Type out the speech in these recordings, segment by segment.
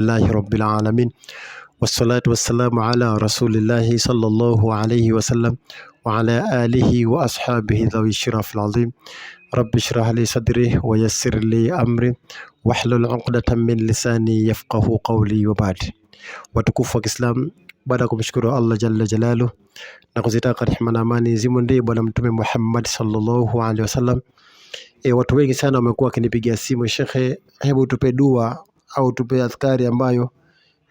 Alhamdulillahi rabbil alamin wassalatu wassalamu ala rasulillahi sallallahu alayhi wasallam wa ala alihi wa ashabihi dhawi shirafil azim rabbi shrah li sadri wa yassir li amri wahlul uqdatan min lisani yafqahu qawli wa ba'd. Watukufu wa Kiislamu, baada ya kumshukuru Allah jalla jalalu na kuzitaka rehema na amani zimwendee Bwana Mtume Muhammad sallallahu alaihi wasallam. E, watu wengi sana wamekuwa wakinipigia simu, shekhe, hebu tupe dua au tupe askari ambayo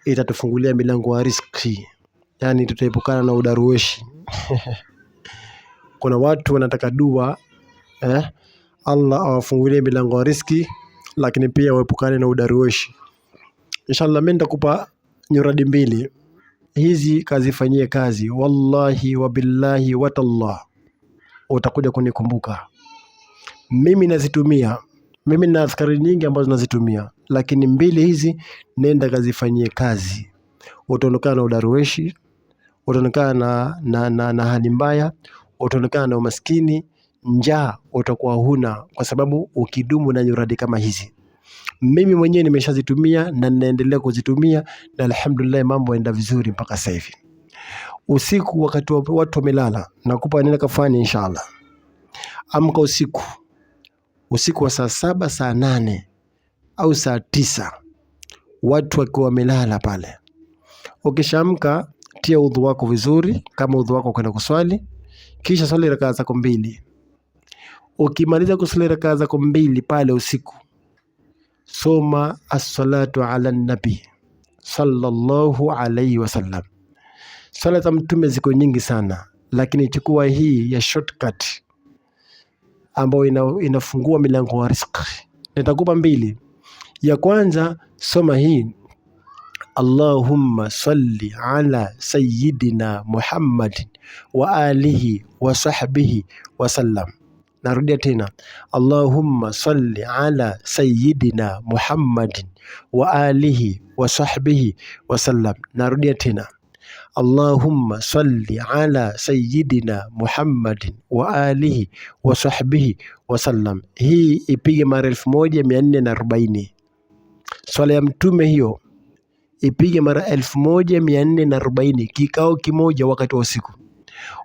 itatufungulia milango ya riski yaani tutaepukana na udarueshi kuna watu wanataka dua eh? Allah awafungulie milango ya riski lakini pia waepukane na udarueshi. Inshallah, mimi nitakupa nyuradi mbili hizi, kazifanyie kazi, wallahi wabillahi watallah, utakuja kunikumbuka mimi nazitumia mimi nina askari nyingi ambazo nazitumia, lakini mbili hizi nenda kazifanyie kazi. utaonekana na udarueshi, utaonekana na, na, na, na hali mbaya, utaonekana na umaskini, njaa utakuwa huna, kwa sababu ukidumu na nyuradi kama hizi. Mimi mwenyewe nimeshazitumia na ninaendelea kuzitumia na alhamdulillah, mambo yanaenda vizuri mpaka sasa hivi. Usiku wakati watu wamelala, nakupa nenda kafanya inshallah. Amka usiku usiku wa saa saba, saa nane au saa tisa, watu wakiwa wamelala pale. Ukishamka tia udhu wako vizuri, kama udhu wako kwenda kuswali, kisha swali rakaa zako mbili. Ukimaliza kuswali rakaa zako mbili pale usiku, soma assalatu ala nabi sallallahu alaihi wasallam. Swala za mtume ziko nyingi sana, lakini chukua hii ya shortcut ambayo ina, inafungua milango wa riziki. Nitakupa mbili. Ya kwanza soma hii, Allahumma salli ala sayyidina Muhammadin wa alihi wa sahbihi wasallam. Narudia tena, Allahumma salli ala sayyidina Muhammadin wa alihi wa sahbihi wasallam. Narudia tena Allahumma salli ala sayyidina Muhammadin wa alihi wa sahbihi wasallam. Hii ipige mara elfu moja mia nne na arobaini. Swala ya mtume hiyo ipige mara elfu moja mia nne na arobaini kikao kimoja wakati wa usiku.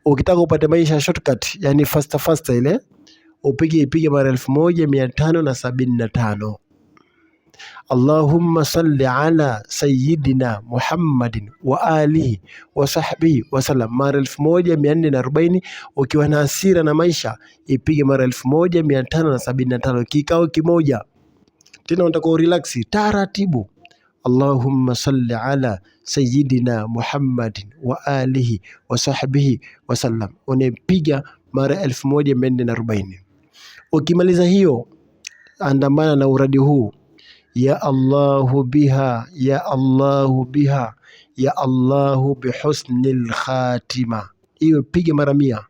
Ukitaka upate maisha shortcut, yani faster faster ile upige ipige mara elfu moja mia tano na sabini na tano. Allahumma salli ala sayyidina Muhammadin wa alihi wa sahbihi wasallam, mara elfu moja mia nne na arobaini. Ukiwa na hasira na maisha ipige mara elfu moja mia tano na sabini na tano. Kikao kimoja tena, unatakiwa urelaksi taratibu. Allahumma salli ala sayyidina Muhammadin wa alihi wa sahbihi wasallam, unapiga mara elfu moja mia nne na arobaini. Ukimaliza hiyo, andamana na uradi huu ya Allahu biha ya Allahu biha ya Allahu bihusnil khatima. Hiyo pige mara mia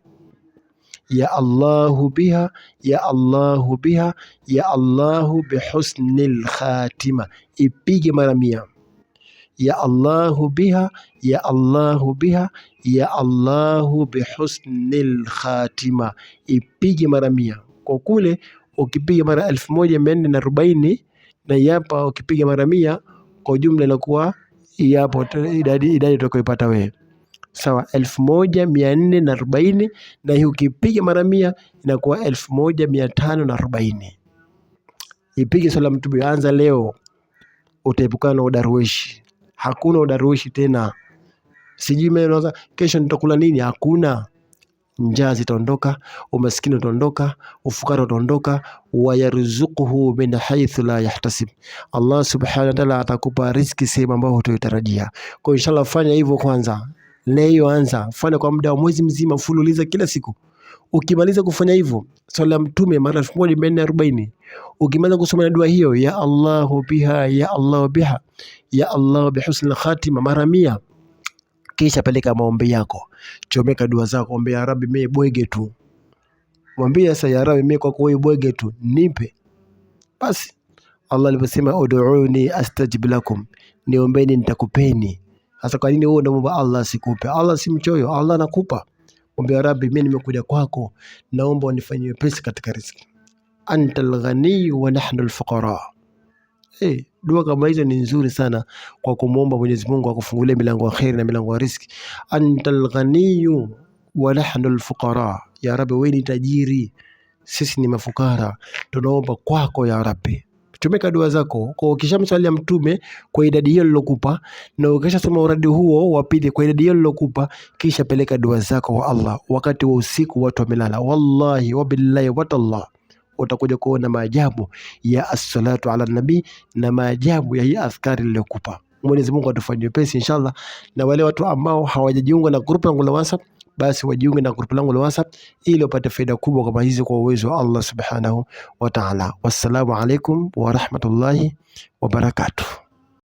ya Allahu biha ya Allahu biha ya Allahu bihusnil khatima, ipige mara mia ya Allahu biha ya Allahu biha ya Allahu bihusnil khatima, ipige mara mia. Kwa kule ukipiga mara elfu moja mia nne na arobaini na hapa ukipiga mara mia kwa ujumla inakuwa hii hapo idadi idadi utakayopata wewe sawa elfu moja mia nne na arobaini na hii ukipiga mara mia inakuwa elfu moja mia tano na arobaini. Ipige swala mtubu, anza leo, utaepukana na udarueshi. Hakuna udarueshi tena, sijui mimi naanza kesho nitakula nini. Hakuna njaa zitaondoka, umaskini utaondoka, ufukara utaondoka, wayaruzukuhu min haythu la yahtasib. Allah subhanahu wa ta'ala atakupa riziki sehemu ambayo hutoitarajia. Kwa inshallah, fanya hivyo kwanza, leo anza, fanya kwa muda wa mwezi mzima fululiza kila siku. Ukimaliza kufanya hivyo swala Mtume mara 1440 ukimaliza kusoma na dua hiyo ya Allahu biha ya Allahu biha ya Allahu bihusnil khatima mara mia kisha peleka maombi yako, chomeka dua zako, ombe ya Rabbi, mimi bwege tu, mwambie sasa, ya Rabbi, mimi kwa wewe bwege tu, nipe basi. Allah aliposema ud'uuni astajib lakum, niombeni nitakupeni. Sasa kwa nini wewe unaomba Allah sikupe? Allah si mchoyo, Allah nakupa. Ombe ya Rabbi, mimi nimekuja kwako, naomba unifanyie pesa katika riziki. Antal ghani wa nahnu al-fuqara Hey, eh, dua kama hizo ni nzuri sana kwa kumwomba Mwenyezi Mungu akufungulie milango ya kheri na milango ya riziki. Antal ghaniyu wa nahnu alfuqara, ya Rabbi, wewe ni tajiri, sisi ni mafukara, tunaomba kwako ya Rabbi. Tumeka dua zako kwa msalia Mtume kwa idadi hiyo nilokupa, na ukishasema uradi huo wa pili kwa idadi hiyo nilokupa, kisha peleka dua zako kwa Allah wakati wa usiku, watu wamelala. Wallahi wabillahi watallah utakuja kuona maajabu ya assalatu ala nabii na maajabu ya hii askari niliyokupa. Mwenyezi Mungu atufanyie pesi inshallah. Na wale watu ambao hawajajiunga na grupu langu la WhatsApp, basi wajiunge na grupu langu la WhatsApp ili upate faida kubwa kama hizi kwa uwezo wa Allah subhanahu wa ta'ala. Wassalamu alaikum wa rahmatullahi wa barakatuh.